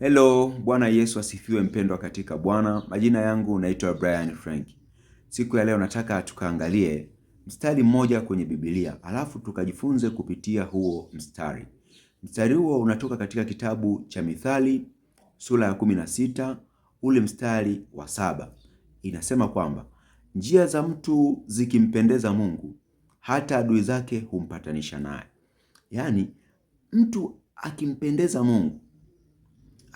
Hello, Bwana Yesu asifiwe mpendwa katika Bwana. Majina yangu naitwa Brian Frank. Siku ya leo nataka tukaangalie mstari mmoja kwenye Biblia, alafu tukajifunze kupitia huo mstari. Mstari huo unatoka katika kitabu cha Mithali sura ya 16 sita ule mstari wa saba. Inasema kwamba njia za mtu zikimpendeza Mungu, hata adui zake humpatanisha naye. Yaani mtu akimpendeza Mungu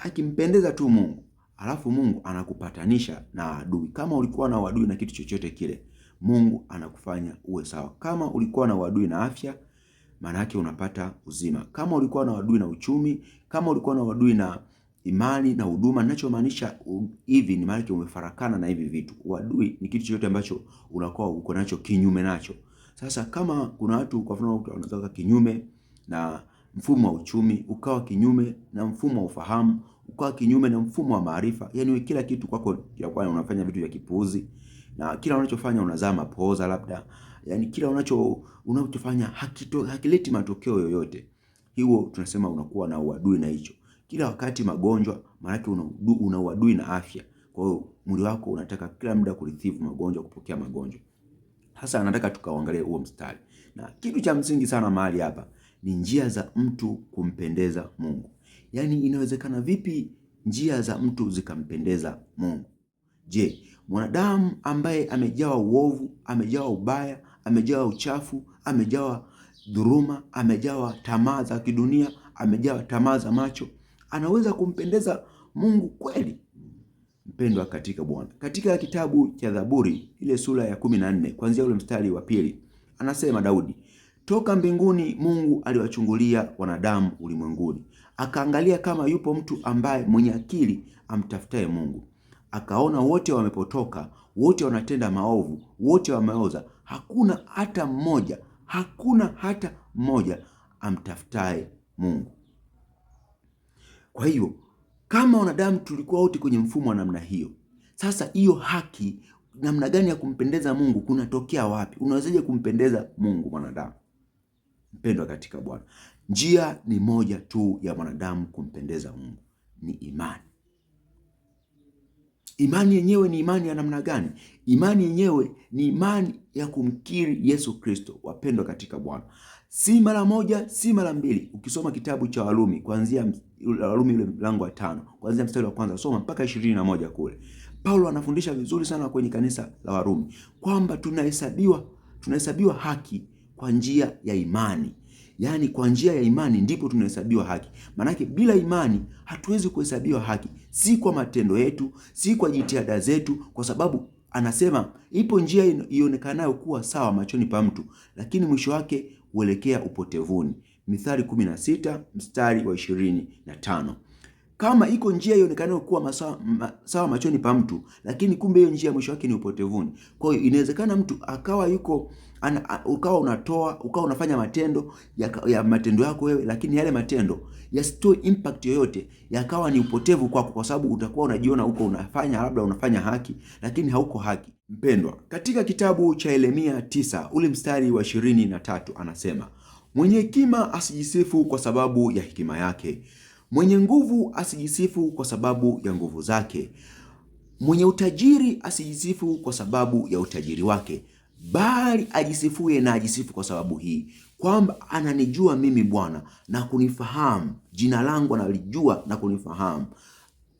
akimpendeza tu Mungu, alafu Mungu anakupatanisha na adui. Kama ulikuwa na uadui na kitu chochote kile, Mungu anakufanya uwe sawa. Kama ulikuwa na uadui na afya, maana yake unapata uzima. Kama ulikuwa na uadui na uchumi, kama ulikuwa na uadui na imani na huduma, ninachomaanisha hivi ni maana umefarakana na hivi vitu. Uadui ni kitu chochote ambacho unakuwa uko nacho kinyume nacho. Sasa kama kuna watu kwa mfano wanataka kinyume na mfumo wa uchumi, ukawa kinyume na mfumo wa ufahamu kwa kinyume na mfumo wa maarifa, yani kila kitu kwako ya kwa unafanya vitu vya kipuuzi na kila unachofanya unazaa mapoza labda, yani kila unacho unachofanya hakito, hakileti matokeo yoyote. Hiyo tunasema unakuwa na uadui na hicho kila wakati magonjwa, maanake una uadui na afya. Kwa hiyo mwili wako unataka kila muda kurithivu magonjwa, kupokea magonjwa. Sasa anataka tukaangalie huo mstari, na kitu cha msingi sana mahali hapa ni njia za mtu kumpendeza Mungu. Yaani, inawezekana vipi njia za mtu zikampendeza Mungu? Je, mwanadamu ambaye amejawa uovu, amejawa ubaya, amejawa uchafu, amejawa dhuruma, amejawa tamaa za kidunia, amejawa tamaa za macho, anaweza kumpendeza Mungu kweli? Mpendwa katika Bwana, katika kitabu cha Zaburi ile sura ya kumi na nne kuanzia ule mstari wa pili anasema Daudi, toka mbinguni Mungu aliwachungulia wanadamu ulimwenguni, akaangalia kama yupo mtu ambaye mwenye akili amtafutaye Mungu. Akaona wote wamepotoka, wote wanatenda maovu, wote wameoza, hakuna hata mmoja, hakuna hata mmoja amtafutaye Mungu. Kwa hiyo kama wanadamu tulikuwa wote kwenye mfumo wa namna hiyo. Sasa hiyo haki, namna gani ya kumpendeza Mungu kunatokea wapi? Unawezaje kumpendeza Mungu mwanadamu? Mpendwa katika Bwana, njia ni moja tu ya mwanadamu kumpendeza Mungu ni imani. Imani yenyewe ni imani ya namna gani? Imani yenyewe ni imani ya kumkiri Yesu Kristo. Wapendwa katika Bwana, si mara moja, si mara mbili. Ukisoma kitabu cha Warumi kuanzia Warumi ule mlango wa tano kuanzia mstari wa kwanza soma mpaka ishirini na moja kule Paulo anafundisha vizuri sana kwenye kanisa la Warumi kwamba tunahesabiwa tunahesabiwa haki kwa njia ya imani. Yaani kwa njia ya imani ndipo tunahesabiwa haki. Maanake bila imani hatuwezi kuhesabiwa haki, si kwa matendo yetu, si kwa jitihada zetu, kwa sababu anasema ipo njia ionekanayo kuwa sawa machoni pa mtu, lakini mwisho wake huelekea upotevuni. Mithali 16 mstari wa 25. Kama iko njia ionekanayo kuwa masawa, masawa machoni pa mtu, lakini kumbe hiyo njia mwisho wake ni upotevuni. Kwa hiyo inawezekana mtu akawa yuko ana, ukawa unatoa ukawa unafanya matendo ya, ya matendo yako wewe, lakini yale matendo yasitoe impact yoyote, yakawa ni upotevu kwako, kwa sababu utakuwa unajiona huko unafanya labda unafanya haki, lakini hauko haki. Mpendwa, katika kitabu cha Yeremia tisa ule mstari wa ishirini na tatu anasema mwenye hekima asijisifu kwa sababu ya hekima yake Mwenye nguvu asijisifu kwa sababu ya nguvu zake, mwenye utajiri asijisifu kwa sababu ya utajiri wake, bali ajisifuye na ajisifu kwa sababu hii kwamba ananijua mimi Bwana na kunifahamu, jina langu analijua na kunifahamu,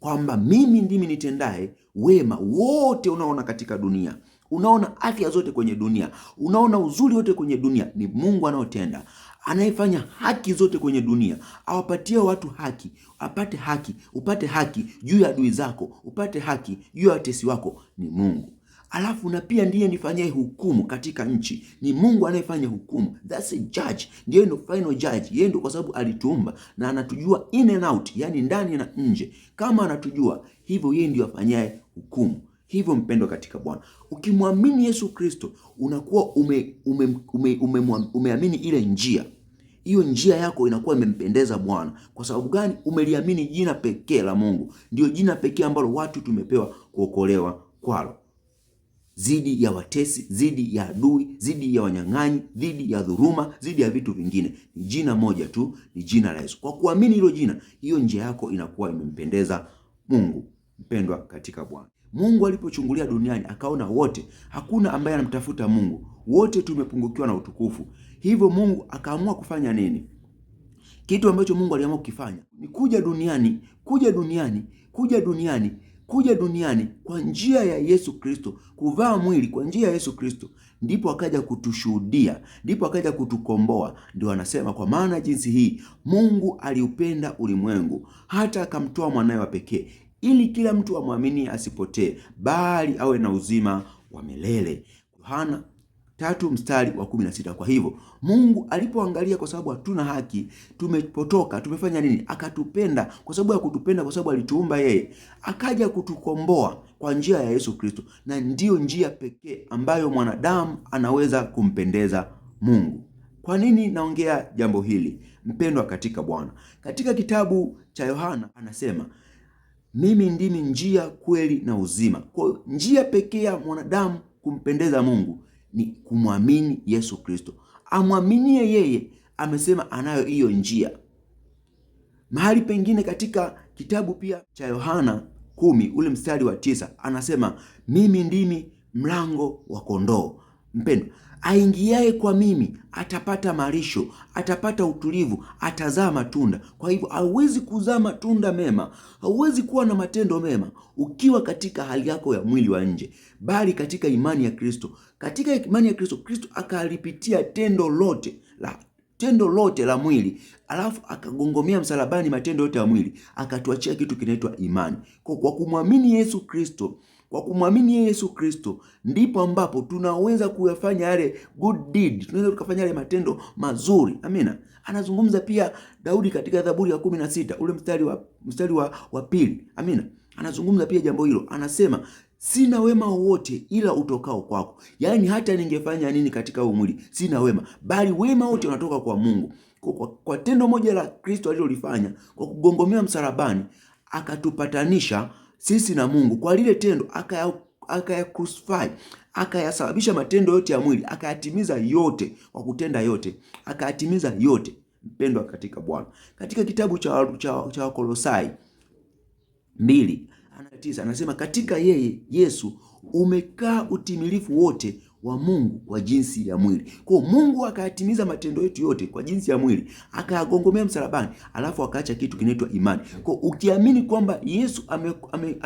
kwamba mimi ndimi nitendaye wema wote unaona katika dunia unaona afya zote kwenye dunia, unaona uzuri wote kwenye dunia, ni Mungu anayotenda, anayefanya haki zote kwenye dunia, awapatie watu haki, apate haki, upate haki juu ya adui zako, upate haki juu ya watesi wako, ni Mungu. Alafu na pia ndiye nifanyaye hukumu katika nchi, ni Mungu anayefanya hukumu. That's a judge, ndiye ndo final judge. Yeye ndo kwa sababu alituumba na anatujua in and out, yani ndani na nje. Kama anatujua hivyo, yeye ndio afanyaye hukumu. Hivyo mpendwa katika Bwana, ukimwamini Yesu Kristo unakuwa ume, ume, ume, ume, umeamini ile njia hiyo njia yako inakuwa imempendeza Bwana. Kwa sababu gani? Umeliamini jina pekee la Mungu, ndio jina pekee ambalo watu tumepewa kuokolewa kwalo, zidi ya watesi, zidi ya adui, zidi ya wanyang'anyi, zidi ya dhuruma, zidi ya vitu vingine. Ni jina moja tu, ni jina la Yesu. Kwa kuamini hilo jina, hiyo njia yako inakuwa imempendeza Mungu. Mpendwa katika Bwana. Mungu alipochungulia duniani akaona wote, hakuna ambaye anamtafuta Mungu, wote tumepungukiwa na utukufu. Hivyo Mungu akaamua kufanya nini? Kitu ambacho Mungu aliamua kukifanya ni kuja duniani, kuja duniani, kuja duniani, kuja duniani kwa njia ya Yesu Kristo, kuvaa mwili kwa njia ya Yesu Kristo, ndipo akaja kutushuhudia, ndipo akaja kutukomboa. Ndio anasema kwa maana jinsi hii Mungu aliupenda ulimwengu hata akamtoa mwanawe wa pekee, ili kila mtu amwamini asipotee, bali awe na uzima wa milele. Yohana tatu mstari wa kumi na sita. Kwa hivyo Mungu alipoangalia, kwa sababu hatuna haki, tumepotoka, tumefanya nini, akatupenda. Kwa sababu ya kutupenda, kwa sababu alituumba yeye, akaja kutukomboa kwa njia ya Yesu Kristo, na ndiyo njia pekee ambayo mwanadamu anaweza kumpendeza Mungu. Kwa nini naongea jambo hili, mpendwa katika Bwana? Katika kitabu cha Yohana anasema mimi ndimi njia, kweli na uzima. Kwa hiyo njia pekee ya mwanadamu kumpendeza Mungu ni kumwamini Yesu Kristo. Amwaminie yeye, amesema anayo hiyo njia. Mahali pengine katika kitabu pia cha Yohana kumi ule mstari wa tisa anasema mimi ndimi mlango wa kondoo. Mpendwa, aingiaye kwa mimi atapata malisho, atapata utulivu, atazaa matunda. Kwa hivyo hauwezi kuzaa matunda mema, hauwezi kuwa na matendo mema ukiwa katika hali yako ya mwili wa nje, bali katika imani ya Kristo. Katika imani ya Kristo, Kristo akalipitia tendo lote la tendo lote la mwili, alafu akagongomea msalabani matendo yote ya mwili, akatuachia kitu kinaitwa imani. Kwa, kwa kumwamini Yesu Kristo kwa kumwamini Yesu Kristo ndipo ambapo tunaweza kuyafanya yale good deed, tunaweza tukafanya yale matendo mazuri. Amina. Anazungumza pia Daudi katika Zaburi ya kumi na sita ule mstari wa, mstari wa, wa pili. Amina. Anazungumza pia jambo hilo, anasema sina wema wowote ila utokao kwako, yaani hata ningefanya nini katika huu mwili sina wema, bali wema wote unatoka kwa Mungu. Kwa, kwa, kwa tendo moja la Kristo alilolifanya kwa kugongomea msalabani akatupatanisha sisi na Mungu kwa lile tendo akaya akayacrucify akayasababisha matendo yote ya mwili akayatimiza yote kwa kutenda yote akayatimiza yote. Mpendwa katika Bwana, katika kitabu cha, cha, cha Wakolosai mbili anasema katika yeye Yesu umekaa utimilifu wote wa Mungu kwa jinsi ya mwili. Kwa Mungu akayatimiza matendo yetu yote kwa jinsi ya mwili, akayagongomea msalabani, alafu akaacha kitu kinaitwa imani. Kwa ukiamini kwamba Yesu ameyagongomea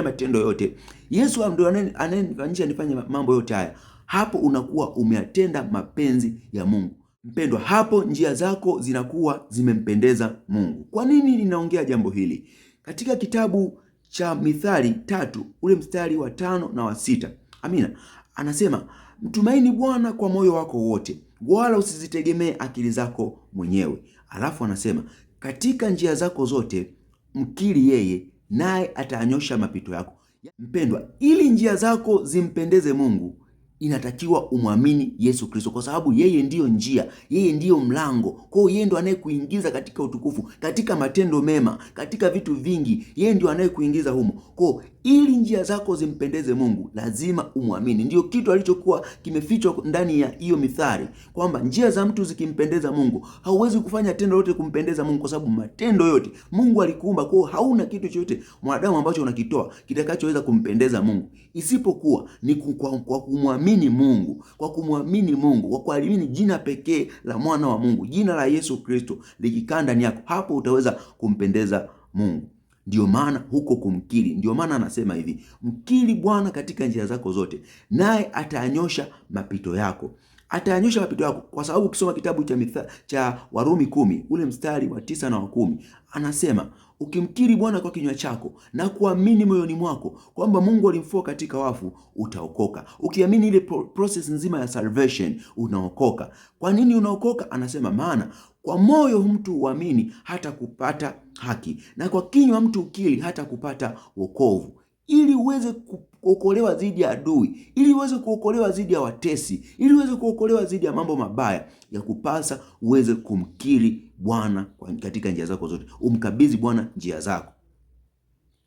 ame, ame matendo yote, Yesu ndio anayenifanisha nifanye mambo yote haya, hapo unakuwa umeatenda mapenzi ya Mungu. Mpendwa, hapo njia zako zinakuwa zimempendeza Mungu. Kwa nini ninaongea jambo hili? Katika kitabu cha Mithali tatu ule mstari wa tano na wa sita. Amina anasema mtumaini Bwana kwa moyo wako wote, wala usizitegemee akili zako mwenyewe. Alafu anasema katika njia zako zote mkiri yeye, naye ataanyosha mapito yako. Mpendwa, ili njia zako zimpendeze Mungu inatakiwa umwamini Yesu Kristo kwa sababu yeye ndiyo njia, yeye ndiyo mlango. Kwa hiyo yeye ndio anayekuingiza katika utukufu, katika matendo mema, katika vitu vingi, yeye ndio anayekuingiza humo. Kwa hiyo ili njia zako zimpendeze Mungu, lazima umwamini. Ndiyo kitu alichokuwa kimefichwa ndani ya hiyo mithali kwamba njia za mtu zikimpendeza Mungu, hauwezi kufanya tendo lote kumpendeza Mungu kwa sababu matendo yote Mungu alikuumba. Kwa hiyo hauna kitu chochote mwanadamu ambacho unakitoa kitakachoweza kumpendeza Mungu isipokuwa ni kwa kumwamini kumwamini Mungu, kwa kumwamini Mungu, kwa kuamini jina pekee la mwana wa Mungu, jina la Yesu Kristo likikaa ndani yako, hapo utaweza kumpendeza Mungu. Ndio maana huko kumkiri, ndio maana anasema hivi, mkiri Bwana katika njia zako zote, naye atayanyosha mapito yako atayanyosha mapito yako, kwa sababu ukisoma kitabu cha mitha, cha Warumi kumi ule mstari wa tisa na wa kumi anasema ukimkiri Bwana kwa kinywa chako na kuamini moyoni mwako kwamba Mungu alimfua katika wafu utaokoka. Ukiamini ile pro process nzima ya salvation unaokoka. Kwa nini unaokoka? Anasema maana kwa moyo mtu huamini hata kupata haki na kwa kinywa mtu ukiri hata kupata wokovu. Ili uweze kuokolewa dhidi ya adui, ili uweze kuokolewa dhidi ya watesi, ili uweze kuokolewa dhidi ya mambo mabaya, ya kupasa uweze kumkiri Bwana katika njia zako zote, umkabidhi Bwana njia zako.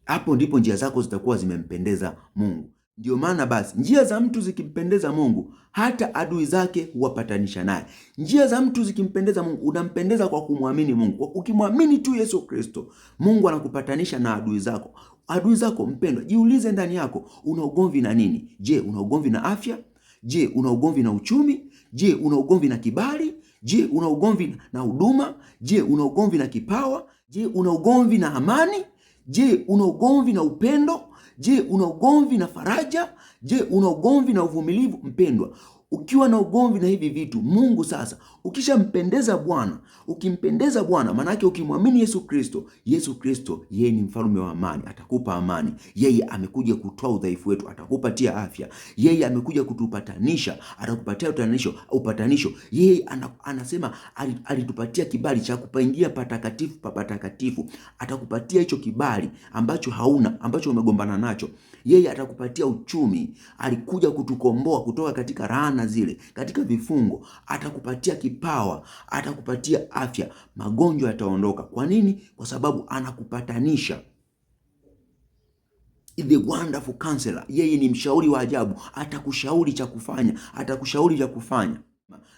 Hapo ndipo njia zako zitakuwa zimempendeza Mungu. Ndio maana basi, njia za mtu zikimpendeza Mungu, hata adui zake huwapatanisha naye. Njia za mtu zikimpendeza Mungu, unampendeza kwa kumwamini Mungu. Ukimwamini tu Yesu Kristo, Mungu anakupatanisha na adui zako adui zako mpendwa, jiulize ndani yako, una ugomvi na nini? Je, una ugomvi na afya? Je, una ugomvi na uchumi? Je, una ugomvi na kibali? Je, una ugomvi na huduma? Je, una ugomvi na kipawa? Je, una ugomvi na amani? Je, una ugomvi na upendo? Je, una ugomvi na faraja? Je, una ugomvi na uvumilivu? Mpendwa, ukiwa na ugomvi na hivi vitu, Mungu sasa, ukishampendeza Bwana, ukimpendeza Bwana, maanake ukimwamini Yesu Kristo, Yesu Kristo yeye ni mfalme wa amani, atakupa amani. Yeye amekuja kutoa udhaifu wetu, atakupatia afya. Yeye amekuja kutupatanisha, atakupatia utanisho, upatanisho. Yeye anasema alitupatia kibali cha kupaingia patakatifu pa patakatifu, atakupatia hicho kibali ambacho hauna, ambacho umegombana nacho yeye atakupatia uchumi. Alikuja kutukomboa kutoka katika laana zile, katika vifungo, atakupatia kipawa, atakupatia afya, magonjwa yataondoka. Kwa nini? Kwa sababu anakupatanisha The wonderful counselor, yeye ni mshauri wa ajabu, atakushauri cha kufanya, atakushauri cha kufanya.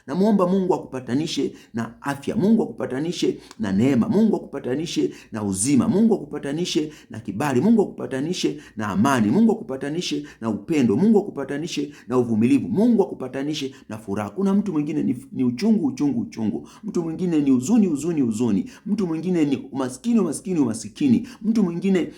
Namwomba Mungu akupatanishe na afya, Mungu akupatanishe na neema, Mungu akupatanishe na uzima, Mungu akupatanishe na kibali, Mungu akupatanishe na amani, Mungu akupatanishe na upendo, Mungu akupatanishe na uvumilivu, Mungu akupatanishe na furaha. Kuna mtu mwingine ni, ni uchungu uchungu uchungu, mtu mwingine ni huzuni huzuni huzuni, mtu mwingine ni umaskini umaskini umaskini, mtu mwingine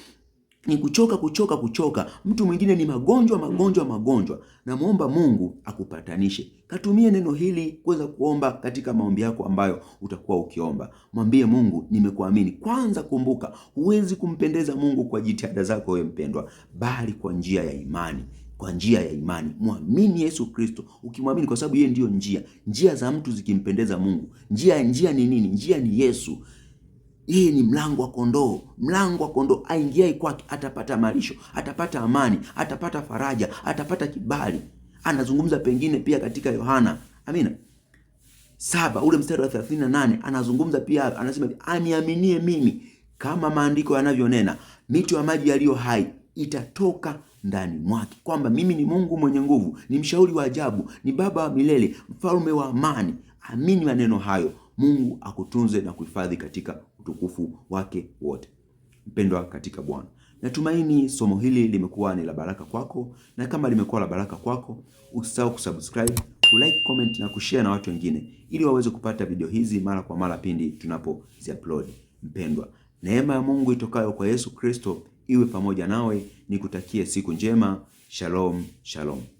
ni kuchoka kuchoka kuchoka, mtu mwingine ni magonjwa magonjwa magonjwa. Namwomba Mungu akupatanishe. Katumie neno hili kuweza kuomba katika maombi yako ambayo utakuwa ukiomba, mwambie Mungu, nimekuamini. Kwanza kumbuka, huwezi kumpendeza Mungu kwa jitihada zako wewe mpendwa, bali kwa njia ya imani kwa njia ya imani, mwamini Yesu Kristo, ukimwamini, kwa sababu yeye ndiyo njia. Njia za mtu zikimpendeza Mungu, njia njia ni nini? Njia ni Yesu. Yeye ni mlango wa kondoo, mlango wa kondoo. aingiai kwake atapata malisho, atapata amani, atapata faraja, atapata kibali. Anazungumza pengine pia katika Yohana, amina saba ule mstari wa 38 anazungumza pia, anasema aniaminie mimi, kama maandiko yanavyonena, mito ya maji yaliyo hai itatoka ndani mwake, kwamba mimi ni Mungu mwenye nguvu, ni mshauri wa ajabu, ni Baba wa milele, mfalme wa amani. Amini maneno hayo. Mungu akutunze na kuhifadhi katika utukufu wake wote. Mpendwa katika Bwana, natumaini somo hili limekuwa ni la baraka kwako, na kama limekuwa la baraka kwako, usisahau kusubscribe, kulike, comment na kushare na watu wengine, ili waweze kupata video hizi mara kwa mara pindi tunapoziupload. Mpendwa, neema ya Mungu itokayo kwa Yesu Kristo iwe pamoja nawe. Nikutakie siku njema. Shalom, shalom.